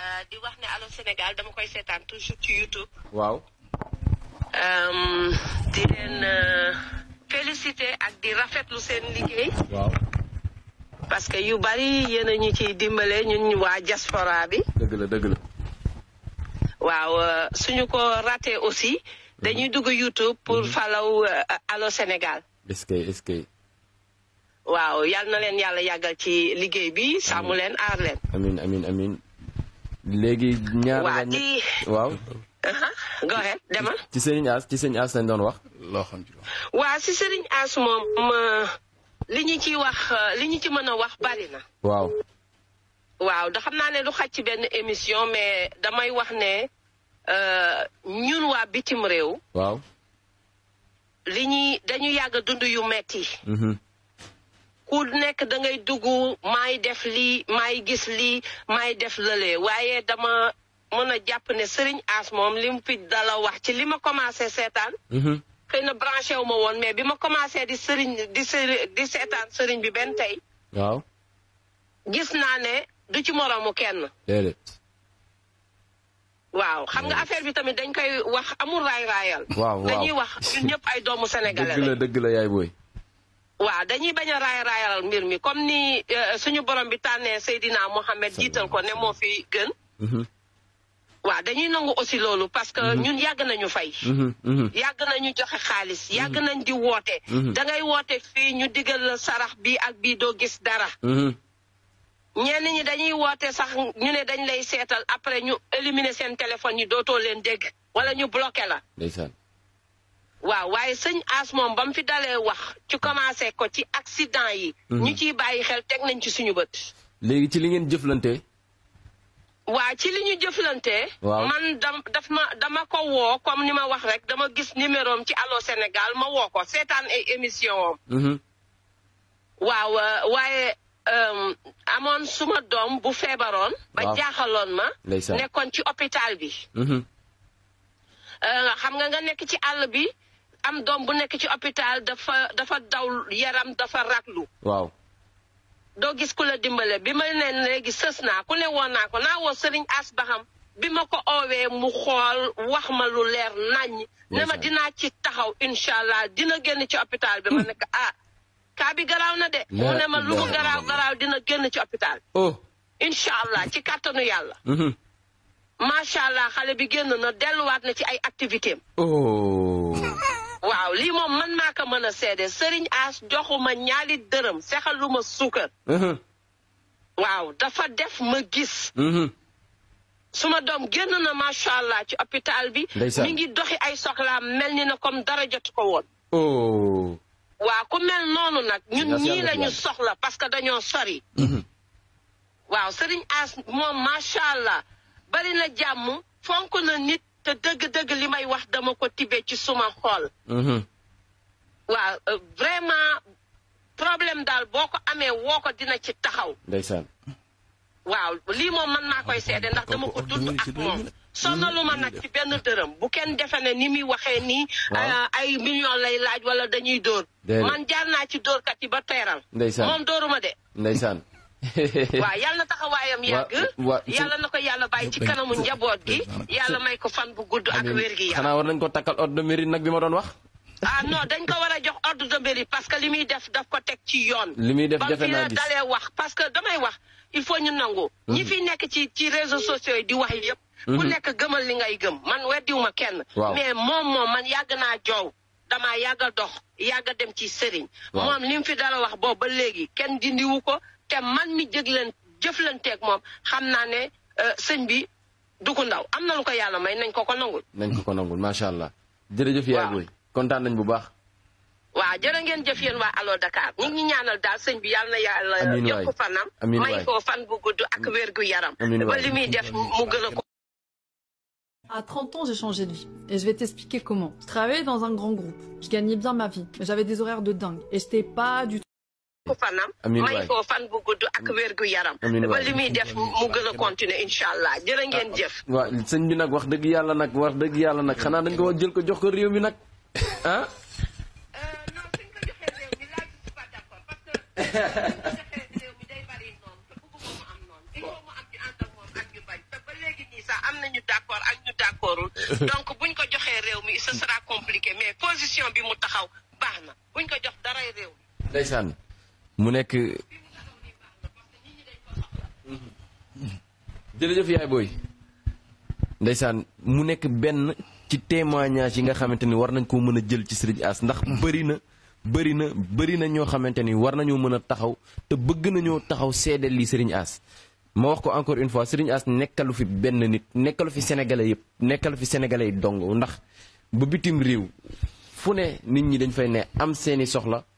Euh, di wax ne allo Sénégal dama koy setan toujours ci YouTube. waaw. Euh, di leen euh, féliciter ak di rafetlu seen liggéey. waaw. parce que yu bari yena ñu ci dimbalé ñun wa diaspora bi. deug la deug la. waaw suñu ko raté aussi dañuy mhm. dugg YouTube pour mhm. follow allo Senegal. est-ce que est-ce waaw yal na leen yàlla yàggal ci liggéey bi sàmm leen aar leen. amin amin amin. léegi ñaar waa ci waaw. Uh-huh. go demal. ci Serigne As ci Serigne As lañ doon wax. loo ci waa As moom li ñu ci wax uh, li ñu ci mën a wax bari na. waaw. waaw da xam naa ne lu xaj ci benn émission mais damay wax ne uh, ñun waa bitim réew. waaw. li ñuy dañu yàgg dund yu metti. Mm-hmm. ku nek da ngay dugg may def li may gis li may def lele waye dama meuna japp ne serigne as mom lim fi dala wax ci lima commencé setan hmm xeyna branché wu ma woon mais bima commencé di serigne di sëri di seetaan sëriñ bi ben tay waw gis na ne du ci moromu kenn déedéet waaw xam nga affaire bi tamit dañ koy wax amul ray rayal dañuy wax ñepp ay doomu sénégalais la dëgg la dëgg la yaay boy waaw dañuy bañ a raay raayalal mbir mi comme ni euh, suñu borom bi tànnee Seydina Mohamed jiital ko ne moo fi gën. Mhm. waaw dañuy nangu aussi loolu parce que mhm. ñun yàgg nañu fay. Mhm, yàgg nañu joxe xaalis yàgg nañ di woote. da ngay woote fii ñu digal la sarax bi ak bii doo gis dara. ñenn ñi dañuy woote sax ñu ne dañ lay seetal après ñu éliminer seen téléphone yi dootoo leen dégg wala ñu bloqué la. waaw waaye sëñ As moom ba mu fi dalee wax ci commencé ko ci accident yi. Mhm. ñu ciy bàyyi xel teg nañ ci suñu bët. léegi ci li ngeen jëflante. waa ci li ñu jëflante. man dam daf ma dama ko woo comme ni ma wax rek dama gis numéro ci Allô Sénégal ma woo ko seetaan ay émission mhm. waaw euh, waaye euh, amoon suma doom bu feebaroon. ba jaaxaloon ma. nekkoon ci hôpital bi. Mhm. Euh, xam nga nga nekk ci àll bi. am doom bu nekk ci hôpital dafa dafa daw yaram dafa raglu waaw doo gis ku la dimbale bi ma ne léegi sës naa ku ne woon naa ko naa woo sëriñ as baxam bi ma ko oowee mu xool wax ma lu leer naññ ne ma dinaa ci taxaw incha allah dina génn ci hôpital bi ma nekk ah kaa bi garaaw na de mu ne ma lu mu garaaw garaaw dina génn ci hôpital oh. incha allah ci kàttanu yàlla mm-hmm. macha xale bi génn na delluwaat na ci ay activité waaw lii moom mën maa ko mën a seede sëriñ As joxuma ñaali dërëm sexaluma suukar. waaw dafa def ma gis. suma doom génn na macha allah ci hôpital bi. mi ngi doxi ay soxlaa mel ni na comme dara jot ko woon. oh. waaw ku mel noonu nag. ñun ñii lañu soxla parce que dañoo sori. waaw sëriñ As moom macha bari na jàmm fonk na nit. te dëgg-dëgg li may wax dama ko tibbee ci suma xool mhm. waaw euh, vraiment problème daal boo ko amee woo ko dina ci taxaw ndeysaan waaw lii moom mën naa koy seede ndax dama ko dund ak moom sonaluma nag ci benn dërëm bu kenn defe ne ni muy waxee nii ay million lay laaj wala dañuy dóor man jaar naa ci dóorkat yi ba teeral moom dóoruma de ndeysaan waa yàlla taxawaayam yàgg eh? yàlla na ko yàlla bàyyi ci kanamu njaboot eh? fan bu gudd ak wér gi xanaa war nañ ko takkal ordre ah non dañ ko war a jox ordre de parce que li muy def daf ko teg ci yoon li muy def jafe naa nangu ñi fi nekk ci ci réseaux sociaux di wax yépp ku mhm. nekk gëmal man weddiwuma kenn mais moom moom man yàgg naa joow dama yàgg dox yàgg dem ci sëriñ moom li mu fi dara wax te man mi jëg leen ak mom xamna naa ne euh, sëñ bi du ko ndaw amna lu ko yalla may nañ ko ko nangul. nañ ko ko nangul macha allah. jërëjëf yaay boy kontaan nañ bu baax. wa jërë ngeen jëf yéen wa Allo Dakar ñu ñi ñaanal daal sëñ bi yalla na yalla amiin waay fanam. amiin waay may ko fan bu guddu ak wér gu yaram. amiin waay ba li def mu gën ko. À 30 ans, j'ai changé de vie. Et je vais t'expliquer comment. Je travaillais dans un grand groupe. Je gagnais bien ma vie. J'avais des horaires de dingue. Et j'étais pas du tout. ku fanam may ko bu gudd ak wér gu yaram ba li muy def mu gën a continuer incha allah jërë ngeen ah, jëf waaw sëñ bi nag wax dëgg yàlla nag wax dëgg yàlla nag xanaa dañ ko war jël ko jox ko réew mi nag ah am nañu ak ñu d'accordul donc buñ ko joxee réew mi ce sera compliqué mais position bi mu taxaw baax na buñ ko jox daray réew mi mu nekk jërëjëf yaay booy mu nekk benn ci témoignage yi nga xamante ni war nañ koo mën a jël ci Serigne As ndax bëri na bëri na bëri na ñoo xamante ni war nañoo mën a taxaw te bëgg nañoo taxaw seedeel li Serigne As ma wax ko encore une fois Serigne As nekkalu fi benn nit nekkalu fi sénégalais yëpp nekkalu fi sénégalais yi dong ndax ba bitim réew fu ne nit ñi dañ fay ne am seeni soxla